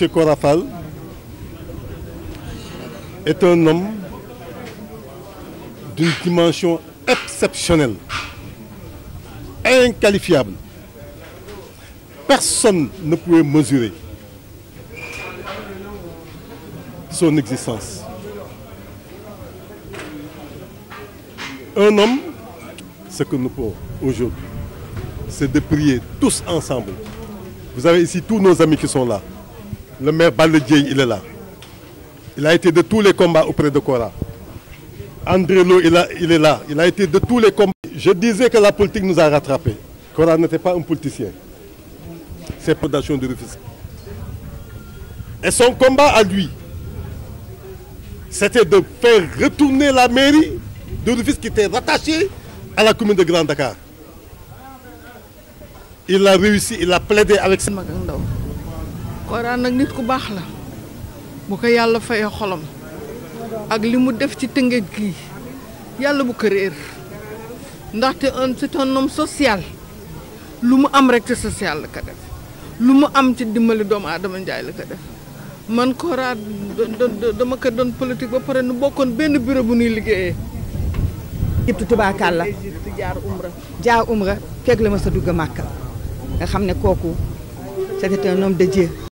M. Rafal est un homme d'une dimension exceptionnelle, inqualifiable. Personne ne pouvait mesurer son existence. Un homme, ce que nous pouvons aujourd'hui, c'est de prier tous ensemble. Vous avez ici tous nos amis qui sont là le maire Baledjei, il est là. Il a été de tous les combats auprès de Cora. André il, est là. Il a été de tous les combats. Je disais que la politique nous a rattrapés. Cora n'était pas un politicien. C'est production de refus. Et son combat à lui, c'était de faire retourner la mairie de Rufus qui était rattachée à la commune de Grand Dakar. Il a réussi, il a plaidé avec... Waraan nag nit ku baax la bu ko yàlla fayee xolam ak li mu def ci tëngéej gii yàlla bu ko réer ndaxte un c'est un homme social lu mu am rek ci social la ko def lu mu am ci dimbali doomu aadama njaay la ko def man Kora dama ko doon politique ba pare nu bokkoon benn bureau bu nuy liggéeyee. Égypte tubaakàlla jaar umra jaar umra fekk la ma sa dugg màkka nga xam ne kooku c'était un homme de